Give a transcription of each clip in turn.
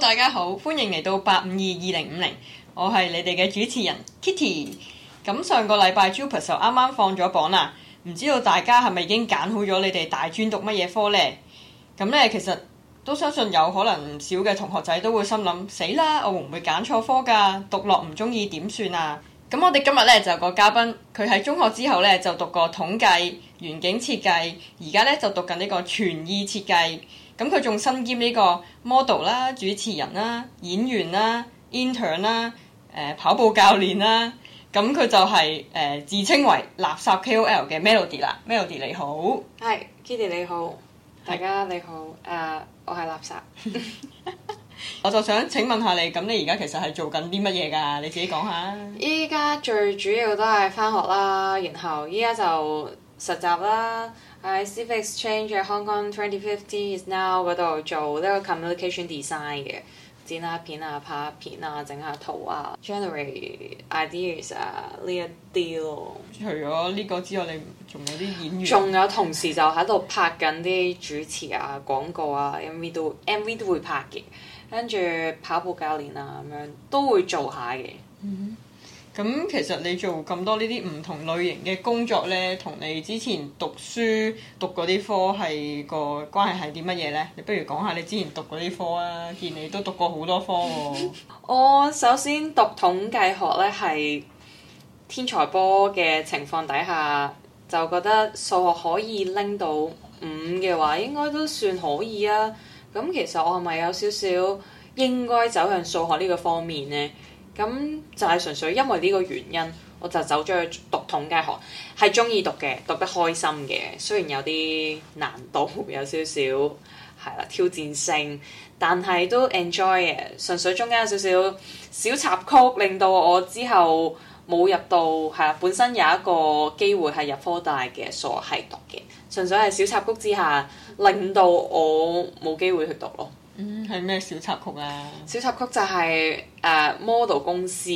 大家好，歡迎嚟到八五二二零五零，我係你哋嘅主持人 Kitty。咁上個禮拜 Jupas 就啱啱放咗榜啦，唔知道大家係咪已經揀好咗你哋大專讀乜嘢科呢？咁咧其實都相信有可能唔少嘅同學仔都會心諗，死啦，我會唔會揀錯科噶？讀落唔中意點算啊？咁我哋今日咧就有個嘉賓，佢喺中學之後咧就讀過統計、園景設計，而家咧就讀緊呢個傳意設計。咁佢仲身兼呢個 model 啦、主持人啦、演員啦、intern 啦、誒、呃、跑步教練啦。咁佢就係、是、誒、呃、自稱為垃圾 KOL 嘅 Melody 啦。Melody 你好，係 Kitty 你好，大家是你好。誒、uh，我係垃圾。 我就想請問下你，咁你而家其實係做緊啲乜嘢㗎？你自己講下。依家最主要都係返學啦，然後依家就，實習啦，喺 Civic Exchange 喺 Hong Kong 2050 is now 嗰度做呢個 communication design 嘅，剪下片啊、拍下片啊、整下圖啊、generate ideas 啊呢一啲咯。除咗呢個之外，你仲有啲演員？仲有同時就喺度拍緊啲主持啊、廣告啊、 MV 都 MV 都會拍嘅，跟住跑步教練啊咁樣都會做下嘅。Mm hmm. 咁其實你做咁多呢啲唔同類型嘅工作呢，同你之前讀書讀嗰啲科係個關係係啲乜嘢呢？你不如講下你之前讀嗰啲科啊，見你都讀過好多科喎、哦。 我首先讀統計學呢，係天才波嘅情況底下，就覺得數學可以拎到五嘅話，應該都算可以啊。咁其實我係咪有少少應該走向數學呢個方面呢？咁就係、是、純粹因為呢個原因，我就走咗去讀統計學，係鍾意讀嘅，讀得開心嘅。雖然有啲難度，有少少係啦，挑戰性，但係都 enjoy 嘅。純粹中間有少少小插曲，令到我之後冇入到係啦。本身有一個機會係入科大嘅，數學系讀嘅。純粹係小插曲之下，令到我冇機會去讀咯。嗯，係咩小插曲啊？小插曲就係誒 model 公司，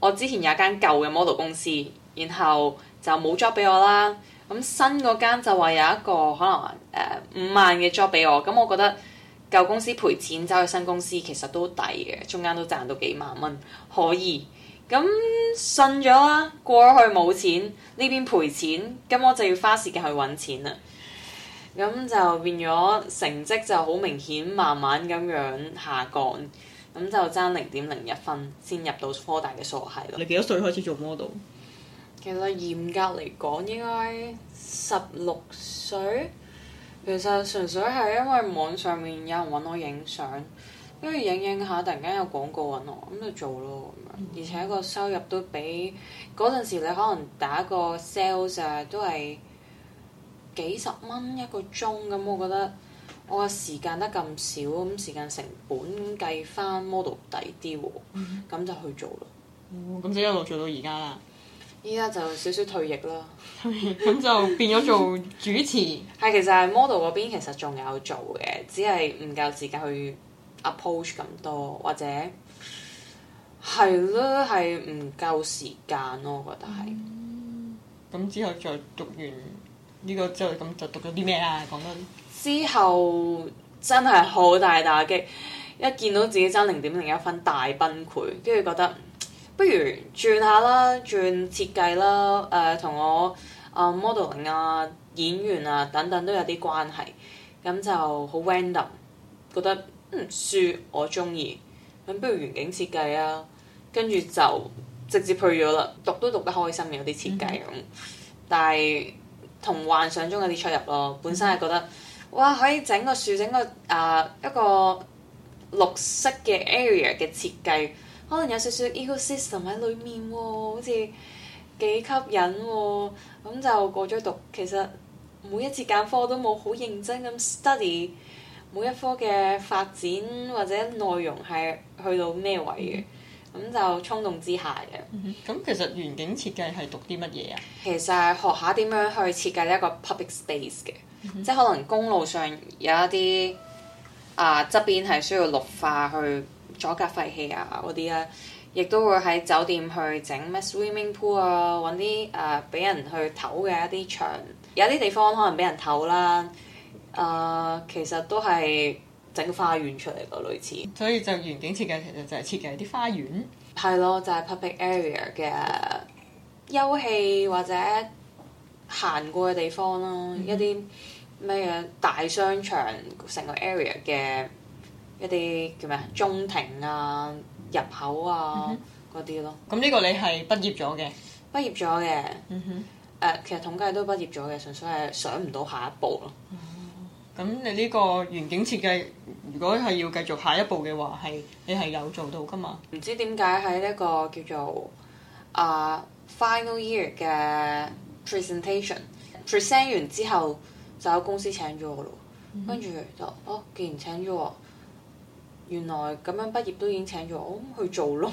我之前有間舊嘅 model 公司，然後就冇 job 俾我啦。咁新嗰間就話有一個可能誒五萬嘅 job 俾我，咁我覺得舊公司賠錢走去新公司其實都抵嘅，中間都賺到幾萬蚊，可以。咁信咗啦，過咗去冇錢，呢邊賠錢，咁我就要花時間去揾錢啦。咁就變咗成績就好明顯，慢慢咁樣下降。咁就爭零點零一分先入到科大嘅數學系咯。你幾多歲開始做 model？其實嚴格嚟講應該十六歲。其實純粹係因為網上面有人揾我影相，跟住影影下，突然間有廣告揾我，咁就做咯咁樣。而且個收入都比嗰陣時你可能打個 sales 啊都係。幾十蚊一個鐘咁，我覺得我嘅時間得咁少，咁時間成本計翻 model 抵啲喎，咁 就去做咯。哦，咁即係一路做到而家啦。而家就少少退役啦，咁 就變咗做主持。係， 其實 model 嗰邊其實仲有做嘅，只係唔夠時間去 approach 咁多，或者係咯，係唔夠時間咯，我覺得係。咁、嗯、之後再讀完。呢個之後咁就讀咗啲咩啊？講多啲之後真係好大打擊，一見到自己爭零點零一分，大崩潰、呃，跟住覺得不如轉下啦，轉設計啦，誒同我啊 model 啊演員啊等等都有啲關係，咁就好 random，覺得嗯書我中意，咁不如園景設計啊，跟住就直接去咗啦，讀都讀得開心嘅有啲設計咁，但係。同幻想中有啲出入咯，本身係覺得，哇可以整個樹整個啊、呃、一個綠色嘅 area 嘅設計，可能有少少 ecosystem 喺裏面、喎、好似幾吸引咁、哦、就過咗讀，其實每一次揀科都冇好認真咁 study 每一科嘅發展或者內容係去到咩位嘅。咁就衝動之下嘅。咁、嗯、其實園景設計係讀啲乜嘢啊？其實係學下點樣去設計一個 public space 嘅，嗯、哼即係可能公路上有一啲啊側邊係需要綠化去阻隔廢氣啊嗰啲啦，亦都會喺酒店去整咩 swimming pool 啊，揾啲誒俾人去唞嘅一啲場，有啲地方可能俾人唞啦。誒、呃，其實都係。整花園出嚟個類似，所以就園景設計其實就係、是、設計啲花園，係咯， 就係、是、public area 嘅休憩或者行過嘅地方咯。嗯、哼一啲咩嘢大商場成個 area 嘅一啲叫咩啊中庭啊入口啊嗰啲咯。咁呢、嗯、哼個你係畢業咗嘅，畢業咗嘅，嗯、哼，誒、uh, 其實統計都畢業咗嘅，純粹係想唔到下一步咯。咁你呢個園景設計，如果係要繼續下一步嘅話，係你係有做到噶嘛？唔知點解喺呢個叫做啊、uh, final year 嘅 presentation present 完之後，就有公司請咗我咯。跟住、mm hmm. 就哦，既然請咗我，原來咁樣畢業都已經請咗我，咁去做咯。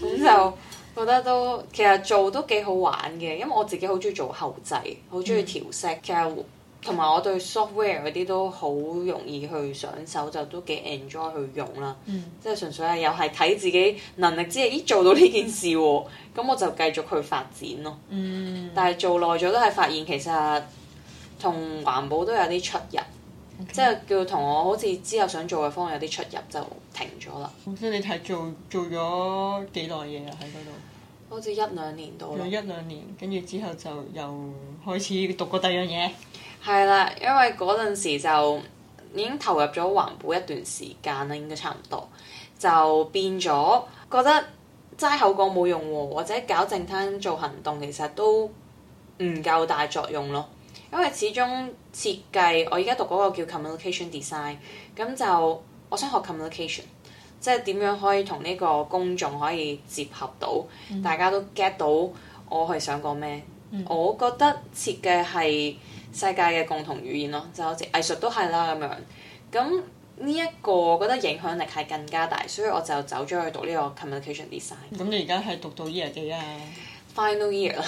咁 就 覺得都其實做都幾好玩嘅，因為我自己好中意做後製，好中意調色，mm hmm. 其實。同埋我對 software 嗰啲都好容易去上手，就都幾 enjoy 去用啦。嗯、即係純粹係又係睇自己能力之，係咦做到呢件事喎，咁、嗯、我就繼續去發展咯。嗯、但係做耐咗都係發現其實同環保都有啲出入，嗯、即係叫同我好似之後想做嘅方向有啲出入，就停咗啦。咁即你係做做咗幾耐嘢啊？喺嗰度好似一兩年到，一兩年，一兩年，跟住之後就又開始讀過第二樣嘢。係啦，因為嗰陣時就已經投入咗環保一段時間啦，應該差唔多就變咗覺得齋口講冇用，或者搞正聽做行動，其實都唔夠大作用咯。因為始終設計，我而家讀嗰個叫 communication design，咁就我想學 communication，即係點樣可以同呢個公眾可以結合到，大家都 get 到我係想講咩？嗯、我覺得設計係。世界嘅共同語言咯，就好似藝術都係啦咁樣。咁呢一個我覺得影響力係更加大，所以我就走咗去讀呢個 communication design。咁你而家係讀到 year 幾啊？Final year 啦，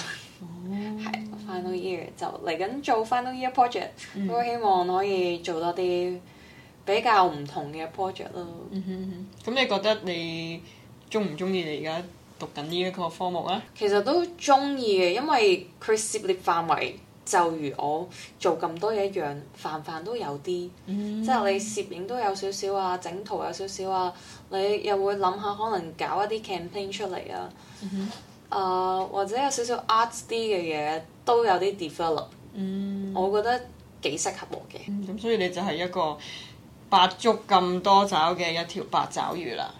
係 final year 就嚟緊做 final year project，都希望可以做多啲比較唔同嘅 project 咯。咁你覺得你鍾唔鍾意你而家讀緊呢一個科目啊？其實都鍾意嘅，因為佢涉獵範圍。就如我做咁多嘢一樣，凡凡都有啲，嗯、即係你攝影都有少少啊，整圖有少少啊，你又會諗下可能搞一啲 campaign 出嚟啊，啊、嗯哼呃、或者有少少 arts 啲嘅嘢都有啲 develop，嗯、我覺得幾適合我嘅。咁、嗯、所以你就係一個百足咁多爪嘅一條八爪魚啦。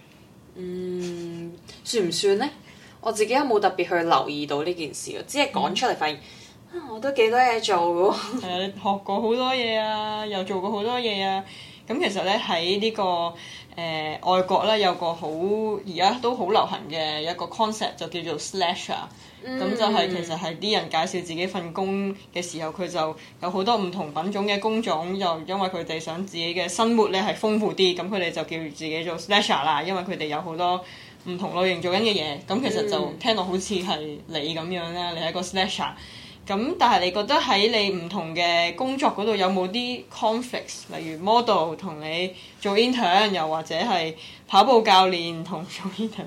嗯，算唔算呢？我自己有冇特別去留意到呢件事咯？只係講出嚟發現。我都幾多嘢做㗎喎！係學過好多嘢啊，又做過好多嘢啊。咁其實咧喺呢、這個誒、呃、外國咧，有個好而家都好流行嘅一個 concept 就叫做 Slasher。咁就係、是嗯、其實係啲人介紹自己份工嘅時候，佢就有好多唔同品種嘅工種，又因為佢哋想自己嘅生活咧係豐富啲，咁佢哋就叫自己做 Slasher 啦。因為佢哋有好多唔同類型做緊嘅嘢，咁其實就聽落好似係你咁樣啦，嗯、你係一個 Slasher。咁但係你覺得喺你唔同嘅工作嗰度有冇啲 conflicts，例如 model 同你做 intern，又或者係跑步教練同做 intern，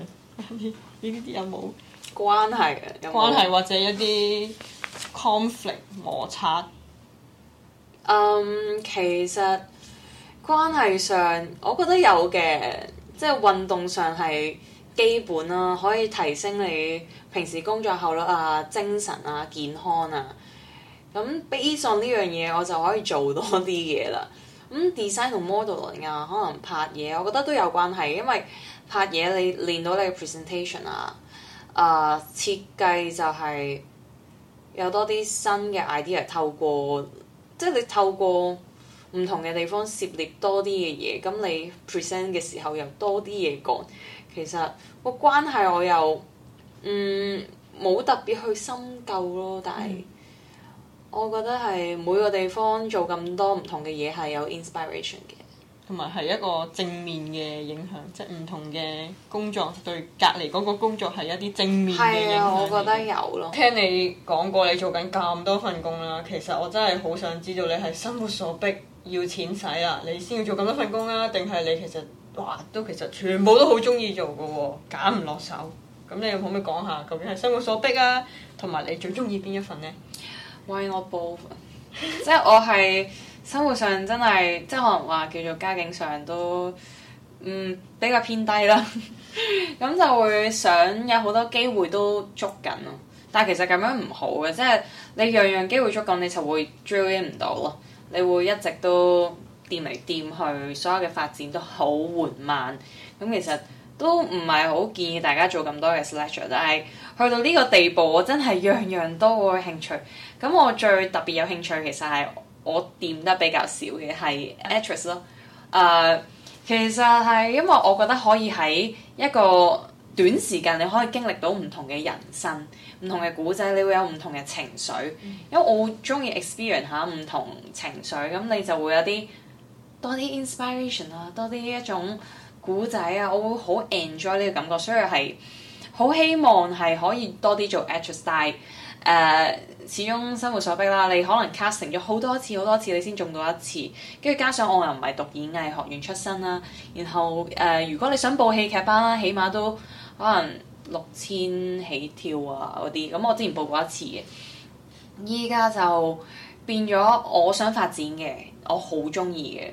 呢啲有冇關係嘅？有冇關係或者一啲 conflict 摩擦。嗯，um, 其實關係上我覺得有嘅，即係運動上係。基本啦、啊，可以提升你平時工作效率啊、精神啊、健康啊。咁 based on 呢樣嘢，我就可以做多啲嘢啦。咁 design 同 modeling 啊，可能拍嘢，我覺得都有關係，因為拍嘢你練到你嘅 presentation 啊，誒、呃、設計就係有多啲新嘅 idea。透過即係、就是、你透過唔同嘅地方涉獵多啲嘅嘢，咁你 present 嘅時候又多啲嘢講。其實個關係我又嗯冇特別去深究咯，但係我覺得係每個地方做咁多唔同嘅嘢係有 inspiration 嘅，同埋係一個正面嘅影響，即係唔同嘅工作對隔離嗰個工作係一啲正面嘅影響，係啊。我覺得有咯。聽你講過你做緊咁多份工啦，其實我真係好想知道你係生活所迫要錢使啊，你先要做咁多份工啊，定係你其實？都其實全部都好中意做嘅喎，哦，揀唔落手。咁你可唔可以講下究竟係生活所迫啊，同埋你最中意邊一份咧？Why not both？即係我係生活上真係，即係可能話叫做家境上都嗯比較偏低啦。咁 就會想有好多機會都捉緊咯，但係其實咁樣唔好嘅，即係你樣樣機會捉緊，你就會追唔到咯。你會一直都。掂嚟掂去，所有嘅發展都好緩慢。咁其實都唔係好建議大家做咁多嘅 slasher，但係去到呢個地步，我真係樣樣都好有興趣。咁我最特別有興趣，其實係我掂得比較少嘅係 actress 咯。誒，uh，其實係因為我覺得可以喺一個短時間你可以經歷到唔同嘅人生、唔同嘅古仔，你會有唔同嘅情緒。嗯，因為我中意 experience 下唔同情緒，咁你就會有啲。多啲 inspiration 啊，多啲一,一種故仔啊，我會好 enjoy 呢個感覺，所以係好希望係可以多啲做 act r style。Uh, 始終生活所迫啦，你可能 casting 咗好多次好多次，多次你先中到一次。跟住加上我又唔係讀演藝學院出身啦、啊，然後誒，uh, 如果你想報戲劇班啦、啊，起碼都可能六千起跳啊嗰啲。咁、嗯、我之前報過一次嘅，依家就。變咗，我想發展嘅，我好中意嘅，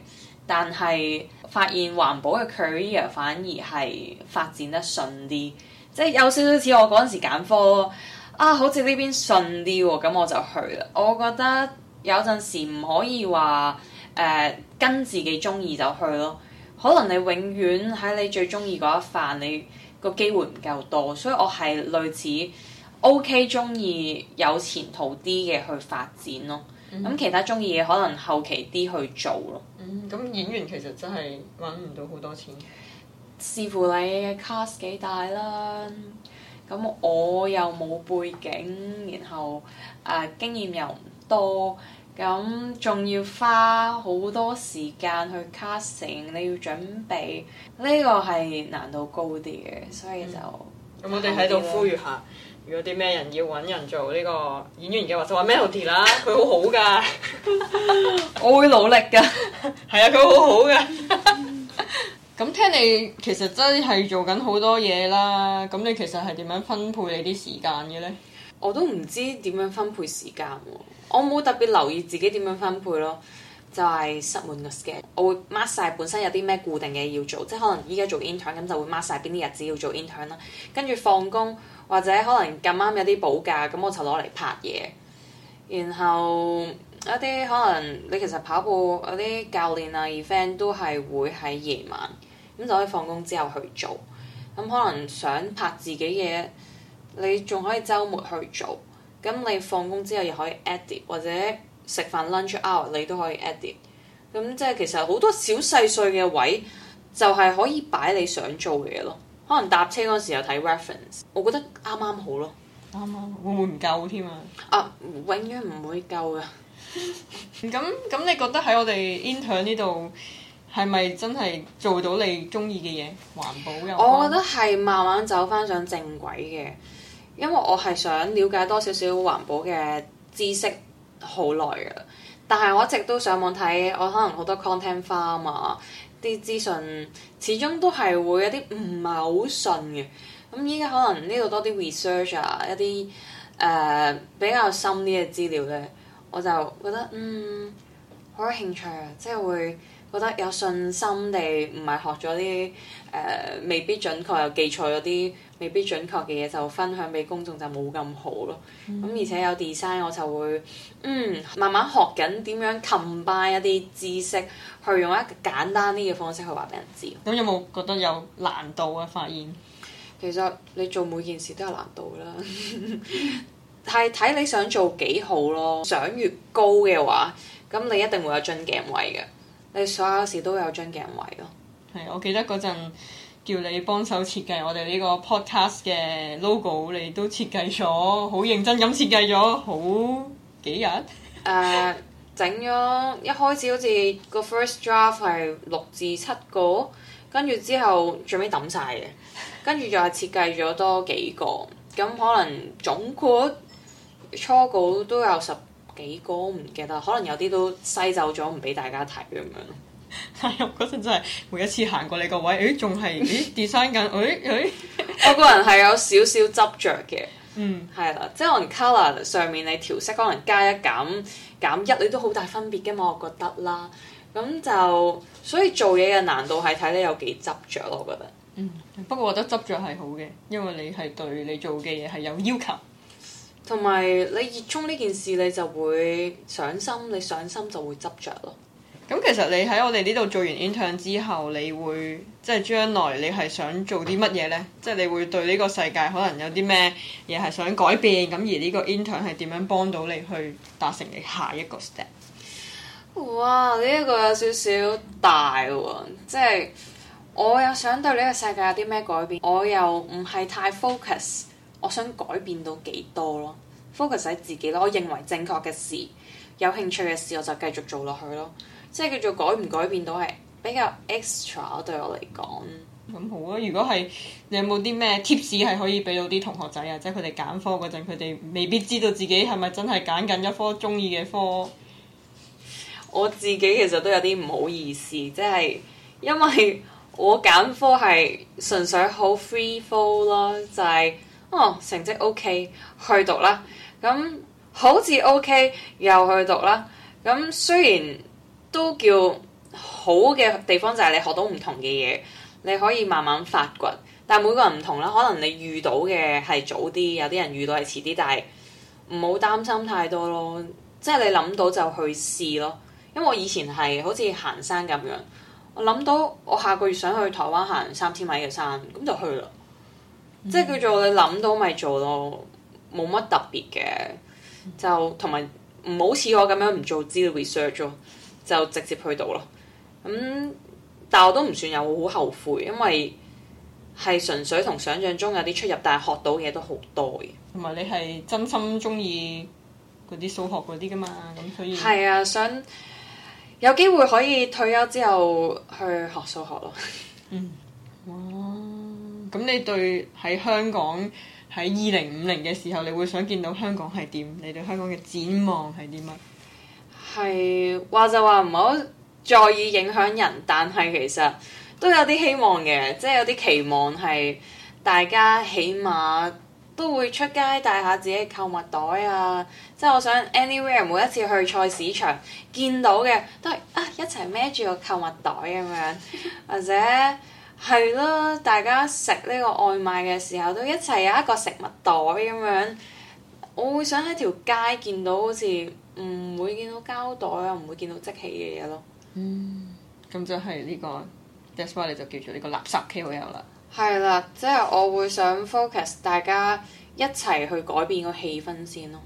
但係發現環保嘅 career 反而係發展得順啲，即係有少少似我嗰陣時揀科咯。啊，好似呢邊順啲喎，咁我就去啦。我覺得有陣時唔可以話誒、呃、跟自己中意就去咯，可能你永遠喺你最中意嗰一範，你個機會唔夠多，所以我係類似 OK 中意有前途啲嘅去發展咯。咁、嗯、其他鍾意嘅可能後期啲去做咯。嗯，咁演員其實真係揾唔到好多錢。視乎你 cast 幾大啦。咁我又冇背景，然後誒、呃、經驗又唔多，咁仲要花好多時間去 casting，你要準備呢、呢個係難度高啲嘅，所以就咁、就係嗯、我哋喺度呼籲下。如果啲咩人要揾人做呢個演員嘅話，就話 Melody 啦，佢 很好好㗎，我會努力㗎，係啊，佢好好㗎。咁聽你其實真係做緊好多嘢啦，咁你其實係點樣分配你啲時間嘅呢？我都唔知點樣分配時間喎，啊，我冇特別留意自己點樣分配咯。就係塞滿個 schedule，我會 mark 晒本身有啲咩固定嘅要做，即係可能依家做 intern 咁就會 mark 晒邊啲日子要做 intern 啦。跟住放工或者可能咁啱有啲補假，咁我就攞嚟拍嘢。然後一啲可能你其實跑步嗰啲教練啊 event 都係會喺夜晚，咁就可以放工之後去做。咁可能想拍自己嘅，你仲可以週末去做。咁你放工之後又可以 edit 或者。食飯 lunch hour 你都可以 add 啲，咁、嗯、即係其實好多小細碎嘅位就係可以擺你想做嘅嘢咯。可能搭車嗰陣時候睇 reference，我覺得啱啱好咯，啱啱會唔會唔夠添啊？永遠唔會夠嘅。咁咁， 你覺得喺我哋 intern 呢度係咪真係做到你中意嘅嘢？環保嘅？我覺得係慢慢走翻上正軌嘅，因為我係想了解多少少環保嘅知識。好耐嘅，但係我一直都上網睇，我可能好多 content 翻啊嘛，啲資訊始終都係會有啲唔係好信嘅。咁依家可能呢度多啲 research 啊，一啲誒、呃、比較深啲嘅資料咧，我就覺得嗯好有興趣啊，即係會。覺得有信心地，唔係學咗啲誒未必準確，又記錯咗啲未必準確嘅嘢，就分享俾公眾就冇咁好咯。咁、嗯、而且有 design，我就會嗯慢慢學緊點樣 combine 一啲知識，去用一個簡單啲嘅方式去話俾人知。咁有冇覺得有難度啊？發現其實你做每件事都有難度啦，係 睇你想做幾好咯。想越高嘅話，咁你一定會有樽頸位嘅。你所有時都有張鏡位咯，係，我記得嗰陣叫你幫手設計我哋呢個 podcast 嘅 logo，你都設計咗，好認真咁設計咗好幾日。誒、 uh，整咗一開始好似個 first draft 係六至七個，跟住之後最尾抌晒嘅，跟住就係設計咗多幾個，咁可能總括初稿都有十幾個唔記得，可能有啲都篩走咗，唔俾大家睇咁樣。 但係我嗰陣真係每一次行過你個位，誒仲係，咦，design 緊，誒、欸、誒，欸欸、 我個人係有少少執着嘅，嗯係啦，即係可能 color 上面你調色可能加一減減一，1, 你都好大分別嘅嘛，我覺得啦。咁就所以做嘢嘅難度係睇你有幾執着咯，我覺得。嗯，不過我覺得執着係好嘅，因為你係對你做嘅嘢係有要求。同埋你熱衷呢件事，你就會上心，你上心就會執着咯。咁其實你喺我哋呢度做完 intern 之後，你會即係將來你係想做啲乜嘢呢？即係你會對呢個世界可能有啲咩嘢係想改變？咁而呢個 intern 係點樣幫到你去達成你下一個 step？哇！呢個有少少大喎，即係我又想對呢個世界有啲咩改變，我又唔係太 focus。我想改變到幾多咯？focus 喺自己咯。我認為正確嘅事、有興趣嘅事，我就繼續做落去咯。即係叫做改唔改變到係比較 extra 對我嚟講。咁好啊！如果係你有冇啲咩 tips 係可以俾到啲同學仔啊？即係佢哋揀科嗰陣，佢哋未必知道自己係咪真係揀緊一科中意嘅科。我自己其實都有啲唔好意思，即係因為我揀科係純粹好 free fall 咯，就係。哦，成績 OK，去讀啦。咁、嗯、好似 OK，又去讀啦。咁、嗯、雖然都叫好嘅地方就係你學到唔同嘅嘢，你可以慢慢發掘。但每個人唔同啦，可能你遇到嘅係早啲，有啲人遇到係遲啲，但係唔好擔心太多咯。即係你諗到就去試咯。因為我以前係好似行山咁樣，我諗到我下個月想去台灣行三千米嘅山，咁就去啦。即係叫做你諗到咪做咯，冇乜特別嘅，就同埋唔好似我咁樣唔做資料 research 咯，就直接去到咯。咁、嗯、但我都唔算有好後悔，因為係純粹同想象中有啲出入，但係學到嘢都好多嘅，同埋你係真心中意嗰啲數學嗰啲噶嘛，咁所以係啊，想有機會可以退休之後去學數學咯。嗯。咁你對喺香港喺二零五零嘅時候，你會想見到香港係點？你對香港嘅展望係啲乜？係話就話唔好在意影響人，但係其實都有啲希望嘅，即係有啲期望係大家起碼都會出街帶下自己嘅購物袋啊！即係我想 anywhere 每一次去菜市場見到嘅都係啊，一齊孭住個購物袋咁樣，或者。 係咯，大家食呢個外賣嘅時候都一齊有一個食物袋咁樣。我會想喺條街見到好似唔會見到膠袋啊，唔會見到即棄嘅嘢咯。嗯，咁就係呢個，that's why 你就叫做呢個垃圾 KOL 啦。係啦，即係我會想 focus 大家一齊去改變個氣氛先咯。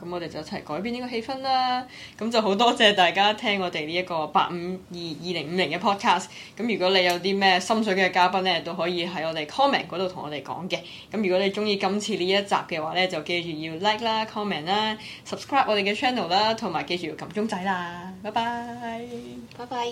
咁我哋就一齊改變呢個氣氛啦！咁就好多謝大家聽我哋呢一個八五二二零五零嘅 podcast。咁 Pod 如果你有啲咩心水嘅嘉賓咧，都可以喺我哋 comment 嗰度同我哋講嘅。咁如果你中意今次呢一集嘅話咧，就記住要 like 啦、comment 啦、subscribe 我哋嘅 channel 啦，同埋記住要撳鐘仔啦。拜拜。拜拜。